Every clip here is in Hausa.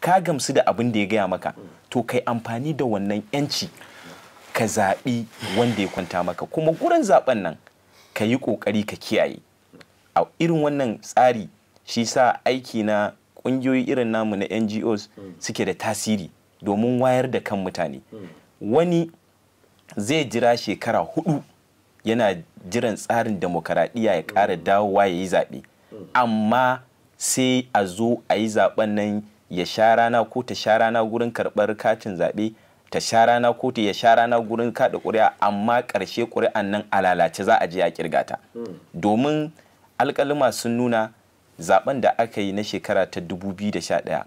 ka gamsu da abin da ya gaya maka to kai amfani da wannan yanci ka zaɓi wanda ya kwanta maka kuma gurin zaɓen nan ka yi ƙoƙari ka kiyaye a irin wannan tsari shi sa aiki na ƙungiyoyi irin namu na ngos suke da tasiri domin wayar da kan mutane wani zai jira shekara hudu yana jiran tsarin demokaradiyya ya ƙara dawowa ya yi zaɓe amma sai a zo a yi zaɓen nan ya sha rana ko ta sha rana gurin karɓar katin zaɓe ta sha rana ko ta ya sha rana gurin kaɗa ƙuri'a amma ƙarshe ƙuri'an nan a lalace za a je a ƙirgata ta hmm. domin alƙaluma sun nuna zaben da aka yi na shekara ta 2011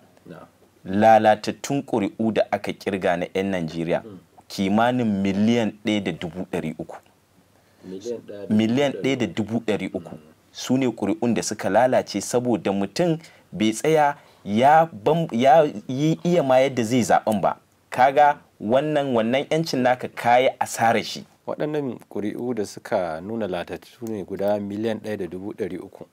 lalatattun ƙuri'u da aka ƙirga na 'yan najeriya hmm. kimanin miliyan uku miliyan uku su ne ƙuri'un da suka lalace saboda mutum bai tsaya ya yi iya ma yadda zai zaɓen ba kaga wannan wannan yancin naka kayi asarar shi waɗannan ƙuri'u da suka nuna latattu ne guda miliyan ɗaya da dubu ɗari uku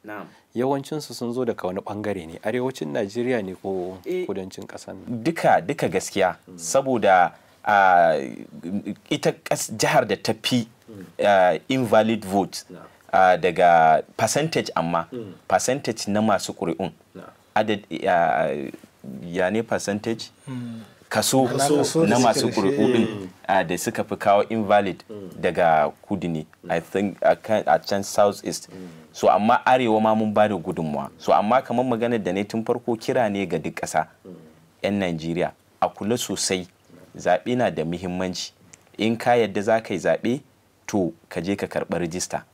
yawancinsu sun zo daga wani ɓangare ne arewacin najeriya ne ko eh. kudancin ƙasar duka duka gaskiya mm. saboda ita jihar da ta fi mm. invalid vote daga percentage amma mm. percentage na masu ƙuri'un adad ya ne percentage kaso na masu din eh. ah, da suka fi kawo invalid mm. daga kudu ne i think a can south east mm. so amma arewa ma mun ba da gudunmuwa so amma kamar maganar da ne tun farko kira ne ga duk ƙasa mm. 'yan najeriya a kula sosai zaɓe na da muhimmanci in ka yadda za ka yi zaɓe to ka je ka karɓa rijista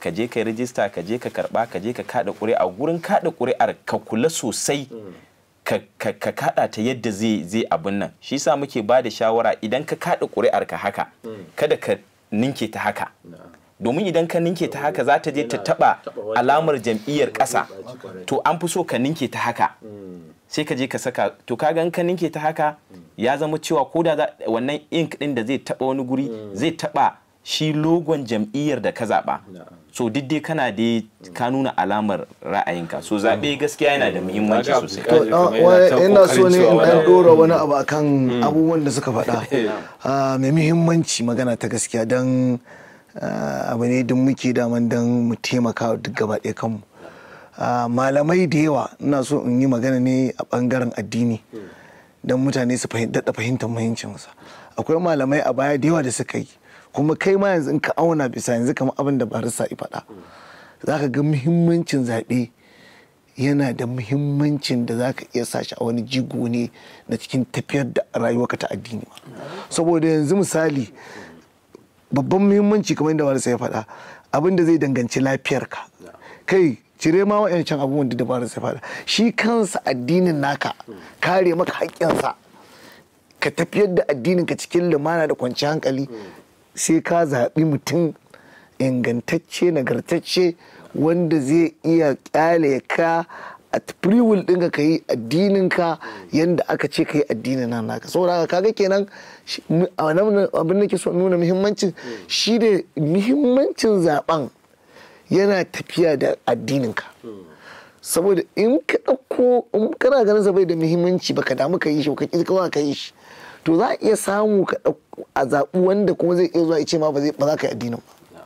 ka je ka rijista ka je ka karba ka je ka kada ƙuri'a gurin kada ƙuri'ar ka kula sosai ka kada ta yadda zai zai abin nan shi sa muke ba da shawara idan ka kada ƙuri'ar ka haka kada ka ninke ta haka domin idan ka ninke ta haka za ta je ta taba alamar jam'iyyar kasa to an fi so ka ninke ta haka sai ka je ka saka to ka gan ka ninke ta haka ya zama cewa ko da wannan ink din da zai taba wani guri mm. zai taba shi logon jam'iyyar da ka zaba so diddai kana da ka nuna alamar ra'ayinka so zaɓe gaskiya yana da muhimmanci sosai ah, ina so ne in ɗan ɗora mm. wani abu akan mm. abubuwan da suka faɗa ah, mai muhimmanci magana ta gaskiya don ah, abu ne don muke daman don mu taimaka duk gaba ɗaya kanmu malamai da yawa ina so in yi magana ne a bangaren addini mm. don mutane su daɗa fahimtar muhimmancinsa akwai malamai a baya da yawa da suka yi kuma kai ma yanzu in ka auna bisa yanzu kamar abin da barista ya faɗa za ka ga muhimmancin zaɓe yana da muhimmancin da za ka iya sa shi a wani jigo ne na cikin tafiyar da rayuwarka ta addini saboda yanzu misali babban muhimmanci kamar yadda barista ya faɗa abin da zai danganci lafiyarka kai cire ma wa'yancan abubuwan da dabarar sai fada shi kansa addinin naka kare maka haƙƙinsa ka tafiyar da addinin ka cikin lumana da kwanciyar hankali sai ka zaɓi mutum ingantacce nagartacce wanda zai iya kyale ka a will ɗin ka yi addininka yadda aka ce ka yi addinin nan naka saboda kaga kenan abin da ke so nuna muhimmancin shi da muhimmancin zaben yana tafiya da ka saboda in ka ɗauko in kana ganin sa bai da muhimmanci baka damu ka yi shi ka ka yi shi to za a iya samu a zaɓi wanda kuma zai iya zuwa ya ce ma ba za ka yi addinin ba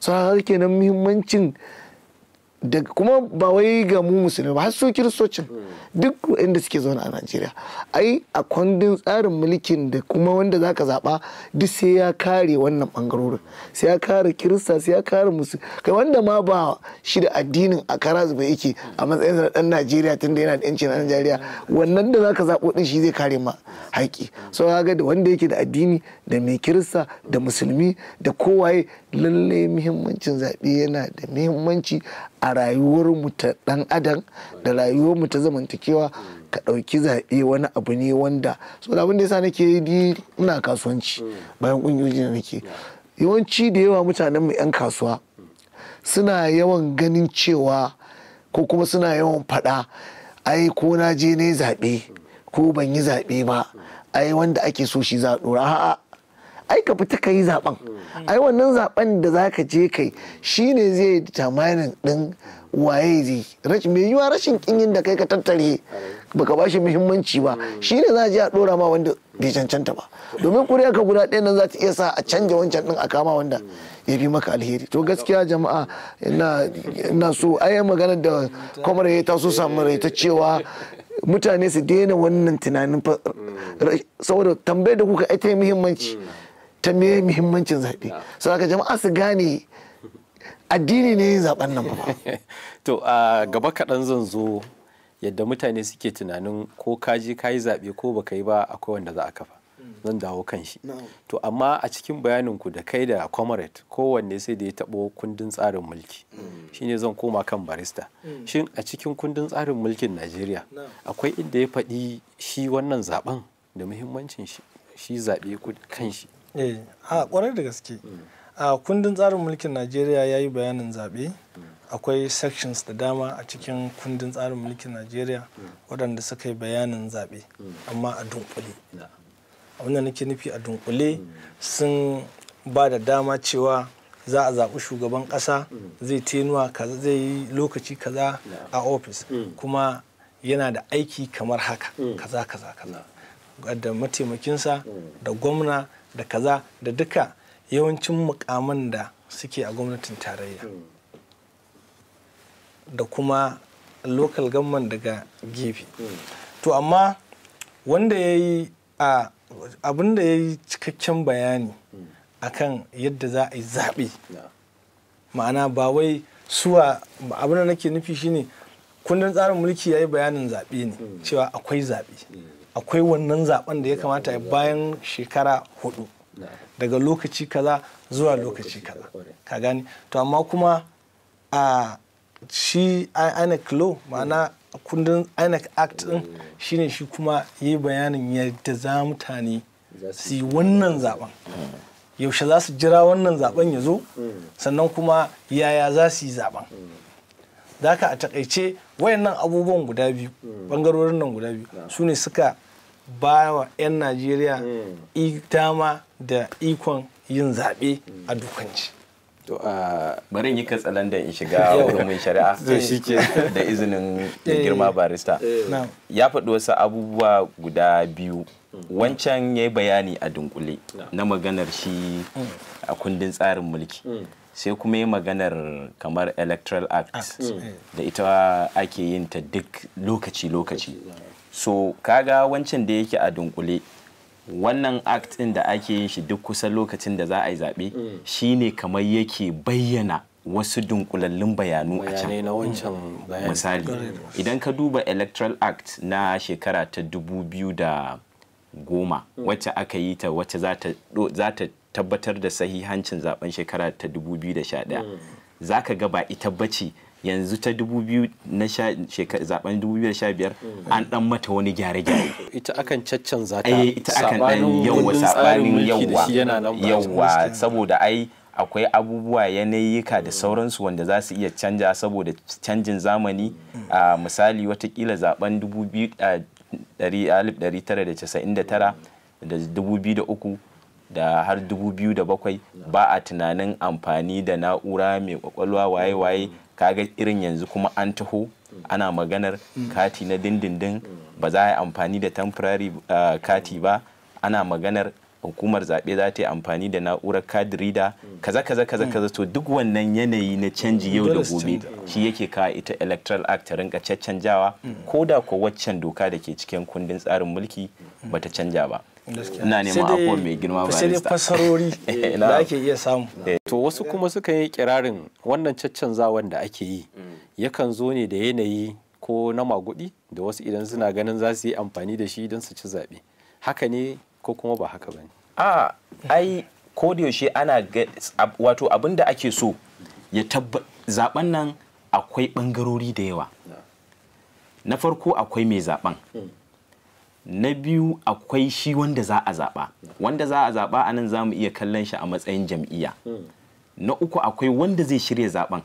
so kenan muhimmancin da kuma ba wai ga mu musulmi ba har su kiristocin duk inda suke zaune a najeriya ai a kwandin tsarin mulkin da kuma wanda zaka zaba duk sai ya kare wannan bangarorin sai ya kare kirista sai ya kare musu kai wanda ma ba shi da addinin a karazu ba yake a matsayin na dan najeriya tunda yana da yancin najeriya wannan da zaka zabo din shi zai kare ma haƙi so kaga da wanda yake da addini da mai kirista da musulmi da kowaye lallai muhimmancin zaɓe yana da muhimmanci a rayuwar mu ta dan adam da rayuwar mu ta zamantakewa ka dauki zaɓe wani abu ne wanda so da abin da yasa nake yi ina kasuwanci bayan ƙungiyoyi da nake yawanci da yawa mutanen mu 'yan kasuwa suna yawan ganin cewa ko kuma suna yawan faɗa ai ko na je ne zaɓe ko ban yi zaɓe ba ai wanda ake so shi za a a'a ai ka fita ka yi zaben ai wannan zaben da za ka je kai shi shine zai tamanin din waye zai rashin mai yiwa rashin kinyin da kai ka tattare baka ba shi muhimmanci ba shine za a je a dora ma wanda bai cancanta ba domin kuriya ka guda ɗaya nan za ta iya sa a canja wancan din a kama wanda ya fi maka alheri to gaskiya jama'a ina so ai magana da kwamar ya taso samu rai ta cewa mutane su daina wannan tunanin saboda tambayar da kuka ita muhimmanci ta me muhimmancin zaɓe so aka jama'a su gane addini ne zaɓen nan ba to a gaba kaɗan zan zo yadda mutane suke tunanin ko kaji yi zaɓe ko baka yi ba akwai wanda za a kafa zan dawo kan shi to amma a cikin bayaninku da kai da comrade kowanne sai da ya taɓo kundin tsarin mulki mm. shine zan koma kan barista mm. shin a cikin kundin tsarin mulkin najeriya akwai inda ya faɗi shi wannan zaben da muhimmancin shi shi zaɓe kan shi eh a kwarar da gaske a kundin tsarin mulkin najeriya ya yi bayanin zaɓe akwai sections da dama a cikin kundin tsarin mulkin najeriya waɗanda suka yi bayanin zaɓe amma a dunkule abinda nake nufi a dunkule sun ba da dama cewa za a zaɓi shugaban ƙasa zai tenuwa kaza zai yi lokaci kaza a ofis kuma yana da aiki kamar haka kaza kaza kaza da mataimakinsa da gwamna da kaza da duka yawancin mukaman da suke a gwamnatin tarayya da kuma local gamman daga gefe to amma wanda ya yi a abin da ya yi cikakken bayani akan yadda za a yi zaɓe ma'ana ba wai suwa abin da nake nufi shine kundin tsarin mulki ya yi bayanin zaɓe ne hmm. cewa akwai zaɓe hmm. akwai wannan zaben da ya kamata ya bayan shekara hudu daga lokaci kaza zuwa lokaci kaza ka gani to amma kuma a shi inec law ma'ana kundin inec act din shine shi kuma yi bayanin yadda za mutane su yi wannan zaben yaushe za su jira wannan zaben ya zo sannan kuma yaya za su yi zaben za ka a takaice wayannan abubuwan guda biyu bangarorin nan guda biyu su ne suka bawa wa 'yan najeriya dama mm. da ikon yin zaɓe a dukanci to bari yi katsalandan in shiga hurumin shari'a da izinin eh. girma barista eh. ya faɗi wasu abubuwa guda biyu mm. wancan ya yi bayani a dunkule na maganar shi mm. a kundin tsarin mulki sai kuma yi maganar kamar electoral act da ita ake yin ta duk lokaci-lokaci so kaga wancan da yake a dunkule wannan act ɗin da ake yin shi duk kusa lokacin da za a yi zaɓe mm. shine kamar yake bayyana wasu dunkulallun bayanu a can misali idan ka duba electoral act na shekara ta da goma mm. wacce aka yi ta wacce za ta tabbatar da sahihancin zaben shekara ta 2011 mm. za ka ga ba ita bace yanzu ta 2000 na zaben 2015 an dan mata wani gyare-gyare ita akan caccanza ta eh, ita akan dan yawa sabanin yawa yawa saboda ai akwai abubuwa yanayika da sauransu wanda za su iya canja saboda canjin zamani a misali watakila zaben 1999 da 2003 da har 2007 ba a tunanin amfani da na'ura mai kwakwalwa waye-waye kaga irin yanzu kuma an taho ana maganar kati na dindindin ba za a yi amfani da temporary eh, kati ba ana maganar hukumar zaɓe za ta yi amfani da na'urar card reader kaza kaza kaza kaza to duk wannan yanayi na canji yau da gobe shi yake kawo ita electoral act ta rinka caccanjawa ko da ko waccan doka da ke cikin kundin tsarin mulki bata canja ba ina neman afuwan mai girma ba sai dai fasarori eh, da ake iya samu eh. to wasu kuma suka yi kirarin wannan caccanzawan da ake yi mm. yakan zo ne da yanayi ko na magudi da wasu idan suna ganin za su yi amfani da shi don su ci zaɓe haka ne ko kuma ba haka ba ne a ai ko da yaushe ana wato abin da ake so ya tabba zaben nan akwai bangarori da yawa na farko akwai mai zaben mm. na biyu akwai shi wanda za a zaɓa wanda za a zaɓa a nan za mu iya kallon shi a matsayin jam'iyya na uku akwai wanda zai shirya zaɓen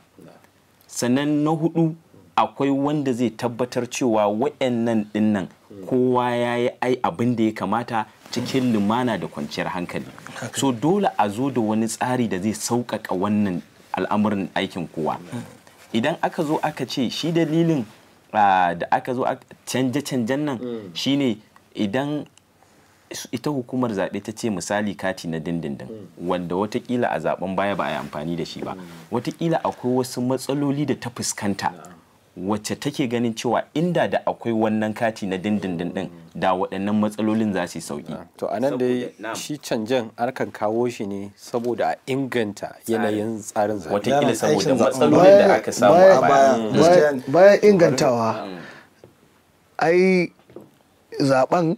sannan na hudu akwai wanda zai tabbatar cewa wa'annan dinnan kowa ya yi ai abin da ya kamata cikin lumana da kwanciyar hankali so dole a zo da wani tsari da zai sauƙaƙa wannan al'amuran aikin kowa idan aka zo aka ce shi dalilin ah, da aka zo canje-canjen nan mm. shine idan ita hukumar zaɓe ta ce misali kati na dindindin mm. wanda watakila a zaben baya ba a yi amfani da shi ba mm. watakila akwai wasu matsaloli da ta fuskanta wacce take ganin cewa inda da akwai wannan kati na dindindin din mm. da waɗannan matsalolin za su yi sauki. To a nan dai shi canjen arkan kawo shi ne saboda a inganta yanayin tsarin zaɓe. watakila saboda matsalolin da aka samu a baya. Bayan ingantawa, ai zaben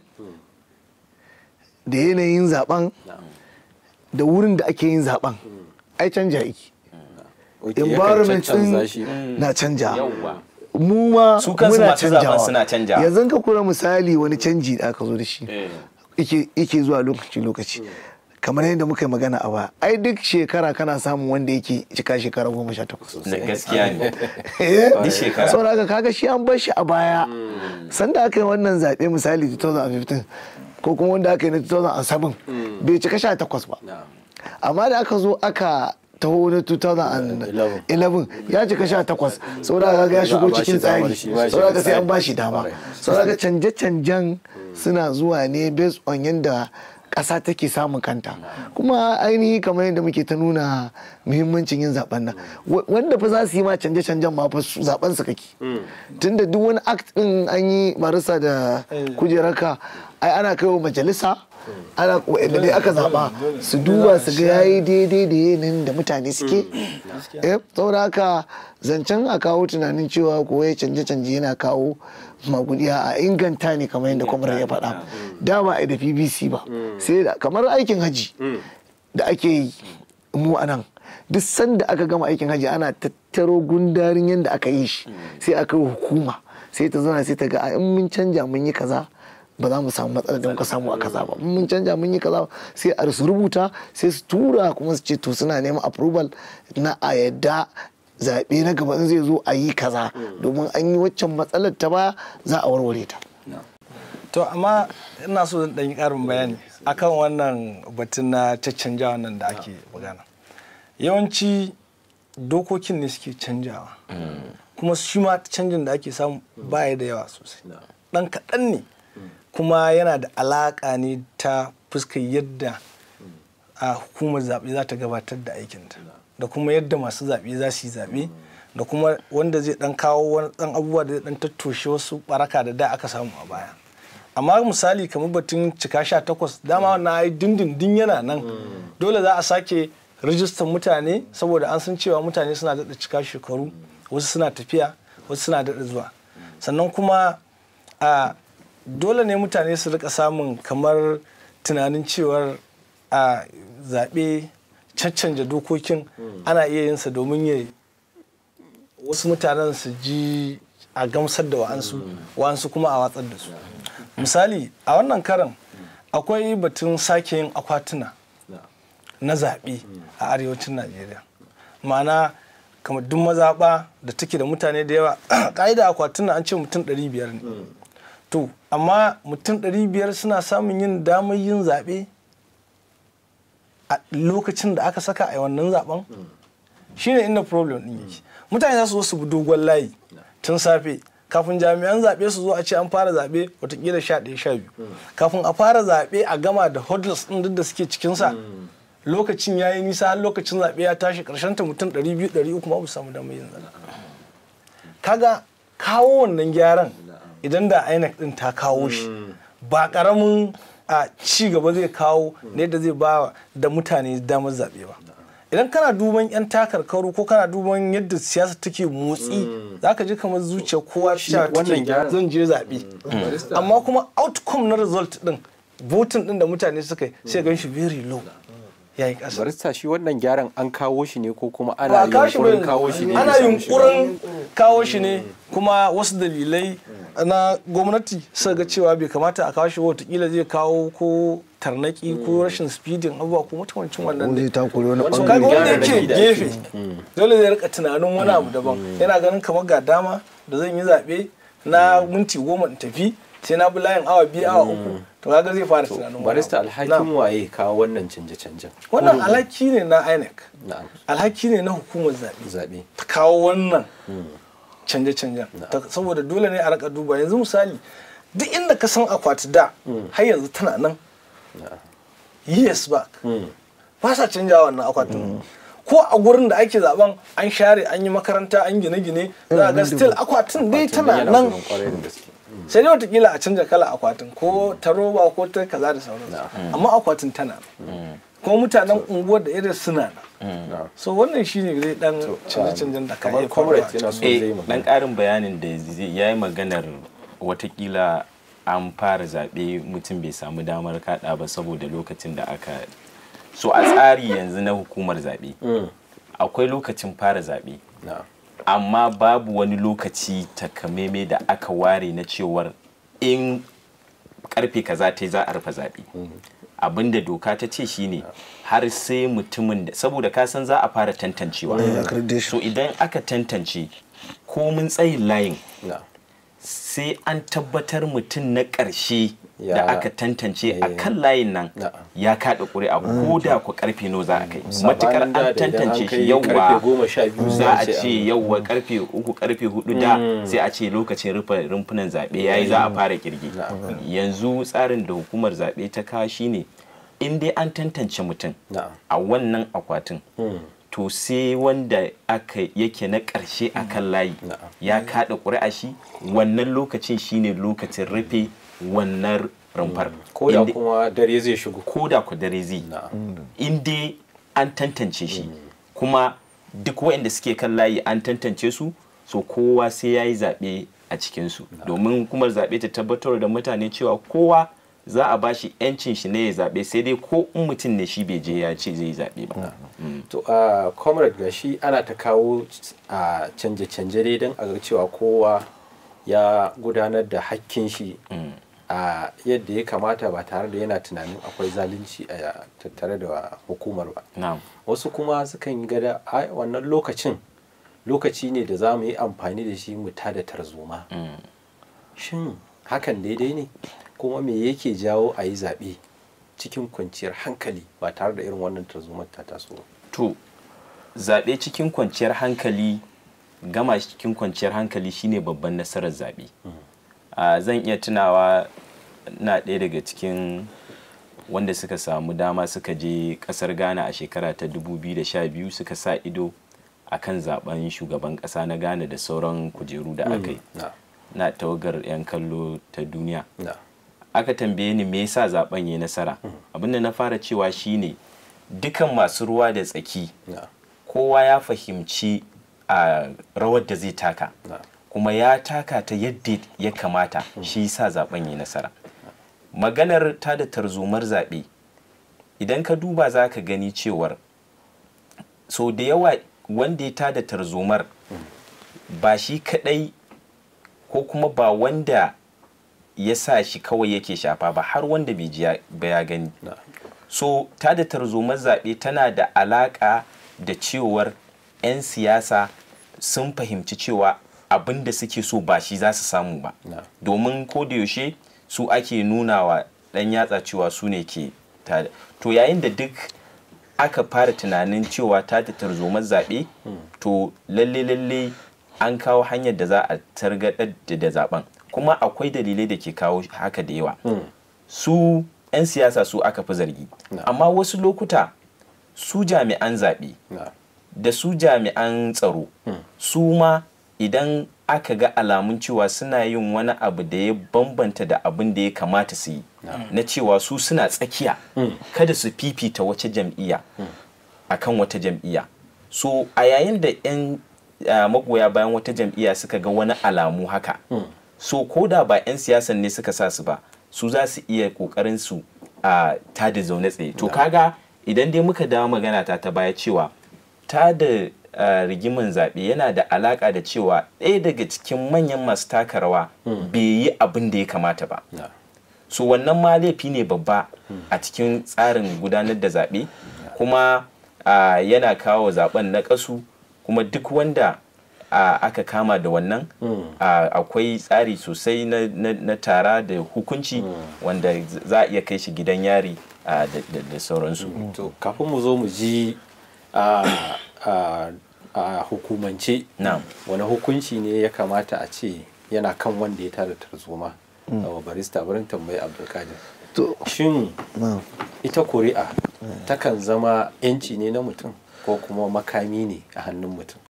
da yanayin zaben da wurin da ake yin zaben ai canja yake environment mm. na canja mu ma muna canjawa yanzu ka kura misali wani canji da aka zo da shi ike eh. zuwa lokaci lokaci mm. kamar yadda muka yi magana a ba ai duk shekara kana samun wanda yake cika shekara goma sha takwas gaskiya ne sau eh? da saboda haka kaga shi an bar shi a baya hmm. sanda aka yi wannan zaɓe misali 2015 ko kuma wanda aka yi na 2007 hmm. bai cika sha takwas ba amma da aka zo aka taho na 2011 ya cika sha takwas saboda kaga ya shigo cikin tsari saboda ka sai an ba shi dama saboda ka canje-canjen hmm. suna zuwa ne based on yadda ƙasa take samun kanta kuma ainihi kamar yadda muke ta nuna muhimmancin yin zaben nan wanda fa za su yi ma canje-canjen ma fa zaben su kake hmm. tunda duk wani act din an yi barisa da hmm. kujeraka ai ana kai wa majalisa hmm. ana wa'anda ne aka zaba su duba su ga yayi daidai da yanayin da mutane suke eh, saboda haka zancen a kawo tunanin cewa ko ya canje-canje yana kawo magudiya a inganta ne kamar yadda kwamar ya faɗa da ba a da pbc ba mm. sai kamar aikin haji mm. da ake yi mu a nan duk sanda aka gama aikin haji ana tattaro gundarin yadda aka yi shi mm. sai aka yi hukuma sai ta zauna sai ta ga in mun canja mun yi kaza ba za mu samu matsala da ka samu a kaza ba in mun canja mun yi kaza sai a su rubuta sai su tura kuma su ce to suna neman approval na a yadda zaɓe na gaba zai zo a yi kaza mm. domin an yi waccan matsalar ta ba za a warware ta to amma ina so ɗan yi ƙarin bayani akan wannan batun na caccanja wannan da ake magana yawanci dokokin ne suke canjawa mm. kuma shi ma canjin da ake samu mm. baya da yawa sosai ɗan kaɗan ne kuma yana da alaƙa ne ta fuskar yadda a hukumar zaɓe za ta gabatar da aikinta da kuma yadda masu zaɓe za su yi zaɓe da kuma wanda zai ɗan kawo wani abubuwa da zai ɗan tattoshe wasu baraka da da aka samu a baya amma misali kamar batun cika sha takwas dama na yi dindindin yana nan dole za a sake rijistan mutane saboda an san cewa mutane suna daɗa cika shekaru wasu suna tafiya wasu suna daɗa zuwa sannan kuma a dole ne mutane su rika samun kamar tunanin cewar a zaɓe caccanja dokokin ana iya yinsa domin ya wasu mutanen su ji a gamsar da wa'ansu wa'ansu kuma a watsar da su misali a wannan karan akwai batun sake yin akwatuna na zaɓe a arewacin najeriya ma'ana kamar duk mazaɓa da take da mutane da yawa ƙa'ida akwatuna an ce mutum 500 ne to amma mutum 500 suna samun yin damar yin zaɓe a lokacin da aka saka a wannan zaben shine inda problem din yake mutane za su zo su bi dogon layi tun safe kafin jami'an zaɓe su zo a ce an fara zaɓe watakila sha ɗaya sha biyu kafin a fara zaɓe a gama da hodles ɗin duk da suke cikinsa lokacin ya yi nisa har lokacin zaɓe ya tashi ƙarshen ta mutum ɗari biyu ɗari uku ma ba samu damar yin zaɓe kaga kawo wannan gyaran idan da inec ɗin ta kawo shi ba ƙaramin a ci gaba zai kawo ne da zai ba da mutane damar zaɓe ba idan kana duban yan takarkaru ko kana duban yadda siyasa take motsi mm. za ka ji kamar zuciya kowa sha wannan zan je zaɓe mm. Mm. amma kuma outcome na result din voting din da mutane suka yi sai gan shi very low yayi ƙasa barista shi wannan gyaran an kawo shi ne ko kuma ana yunkurin kawo shi ne ana yunkurin kawo shi ne kuma wasu dalilai na gwamnati suka ga cewa bai kamata a kawo shi watakila zai kawo ko tarnaki ko mm. rashin speeding abubuwa ko mutumancin wannan ne ta kuri wani bangare kaga wanda yake gefe mm. Mm. dole zai rika tunanin wani abu daban yana ganin kamar ga dama da zan yi zabe na minti goma in tafi sai na bi layin awa biyu awa uku to kaga zai fara tunanin barista alhakin waye kawo wannan canje canjen wannan alhaki ne na INEC alhaki ne na hukumar zabe ta kawo wannan hmm. canje canjen saboda dole ne a raka duba yanzu misali duk inda ka san akwati da hmm. har yanzu tana nan years back hmm. ba sa canja wannan akwatin ko a gurin da ake zaben an share an yi makaranta an gine-gine za a ga still akwatin dai tana nan sai dai watakila a canza kala akwatin ko ta roba ko ta kaza da sauransu hmm. amma akwatin tana hmm. kuma mutanen unguwar da irin suna hmm. na so wannan shi ne zai dan canje-canjen da kamar comrade yana so zai dan eh, karin bayanin da ya yi maganar watakila an fara zaɓe mutum bai samu damar kaɗa ba saboda lokacin da aka so a tsari yanzu na hukumar zaɓe akwai lokacin fara zaɓe amma babu wani lokaci takameme da aka ware na cewar in karfe kaza ta za a rufe zaɓe abinda doka ta ce shine har sai mutumin da saboda kasan za a fara tantancewa so idan aka tantance komin tsayin layin sai an tabbatar mutum na ƙarshe da aka tantance a eh. kan layin nan ya kaɗa ƙuri'a ko hmm. da ku ƙarfe no za a kai matuƙar an tantance shi yauwa za a ce yauwa ƙarfe uku ƙarfe hudu da hmm. sai a ce lokacin rufe rumfunan zaɓe ya yi za a hmm. fara ƙirge yanzu tsarin da hukumar zaɓe ta kawo shine in dai an tantance mutum a wannan akwatin to sai wanda aka yake na ƙarshe a kan layi mm-hmm. ya kaɗa ƙuri'a shi wannan lokacin shine lokacin rufe wannan rumfar mm. ko da kuma dare zai shigo ko da ku dare zai mm. in dai an tantance shi mm. kuma duk waɗanda suke kan layi an tantance su so kowa sai ya yi zaɓe a cikinsu domin kuma zaɓe ta tabbatar da mutane cewa kowa za a bashi yancin shi ne ya zaɓe sai dai ko in mutum ne shi bai je ya ce zai zaɓe ba. Mm. Mm. to a comrade gashi ana ta kawo a canje-canje dai don a ga cewa kowa ya gudanar da hakkin shi mm. a yadda ya kamata ba tare da yana tunanin akwai zalunci a tattare da hukumar ba wasu kuma sukan yi gada a wannan lokacin lokaci ne da za mu yi amfani da shi mu tada tarzoma shin hakan daidai ne kuma me yake jawo a yi zaɓe cikin kwanciyar hankali ba tare da irin wannan tarzoma ta taso to zaɓe cikin kwanciyar hankali gama cikin kwanciyar hankali shine babban nasarar zaɓe mm. ah, zan iya tunawa na ɗaya daga cikin wanda suka samu dama suka je ƙasar ghana a shekara ta 2012 suka sa ido a kan zaben shugaban ƙasa na ghana da sauran kujeru da aka yi mm. na tawagar 'yan kallo ta duniya aka tambaye ni me yasa zaben ya nasara abinda na fara cewa shine dukan masu ruwa da tsaki kowa ya fahimci a rawar da zai taka kuma ya taka ta yadda ya kamata hmm. shi yasa zaben ya nasara maganar ta da tarzomar zaɓe idan ka duba za ka gani cewar so da yawa wanda ya da tarzomar hmm. ba shi kadai ko kuma ba wanda ya sa shi kawai yake shafa ba har wanda bai ji ba ya gani so ta da tarzoma zaɓe tana da alaƙa da cewar 'yan siyasa sun fahimci cewa abin da suke so ba shi za su samu ba domin ko da yaushe su ake nuna wa ɗan yatsa cewa su ne ke tada to yayin da duk aka fara tunanin cewa ta da tarzoma zaɓe hmm. to lalle lalle an kawo hanyar da za a targaɗar da zaɓen kuma akwai dalilai da ke kawo haka da yawa hmm. su 'yan siyasa su aka fi zargi amma wasu lokuta su jami'an zaɓe da su jami'an tsaro hmm. su ma idan aka ga alamun cewa suna yin wani abu da ya bambanta da abin da ya kamata su yi na cewa su suna tsakiya hmm. kada su fifita wace jam'iyya akan wata jam'iyya so a yayin da 'yan magoya bayan wata jam'iyya suka ga wani alamu haka so ko da ba 'yan siyasan ne suka sa su ba su za su iya kokarin su a tada zaune tsaye to kaga idan dai muka dawo magana ta ta baya cewa ta da rigiman zaɓe yana da alaƙa da cewa ɗaya daga cikin manyan masu taka rawa hmm. bai yi abin da ya kamata ba so wannan ma laifi ne babba hmm. a cikin tsarin gudanar da zaɓe kuma yana kawo zaɓen na ƙasu kuma duk wanda aka kama da wannan mm. akwai tsari sosai na tara da hukunci mm. wanda za a iya kai shi gidan yari da sauransu mm. to kafin mu zo mu ji a hukumance wani hukunci ne ya kamata a ce yana kan wanda ya tara tarzoma a barista barin tambayi abdulkadir shin ita kuri'a takan zama yanci ne na mutum ko kuma makami ne a hannun mutum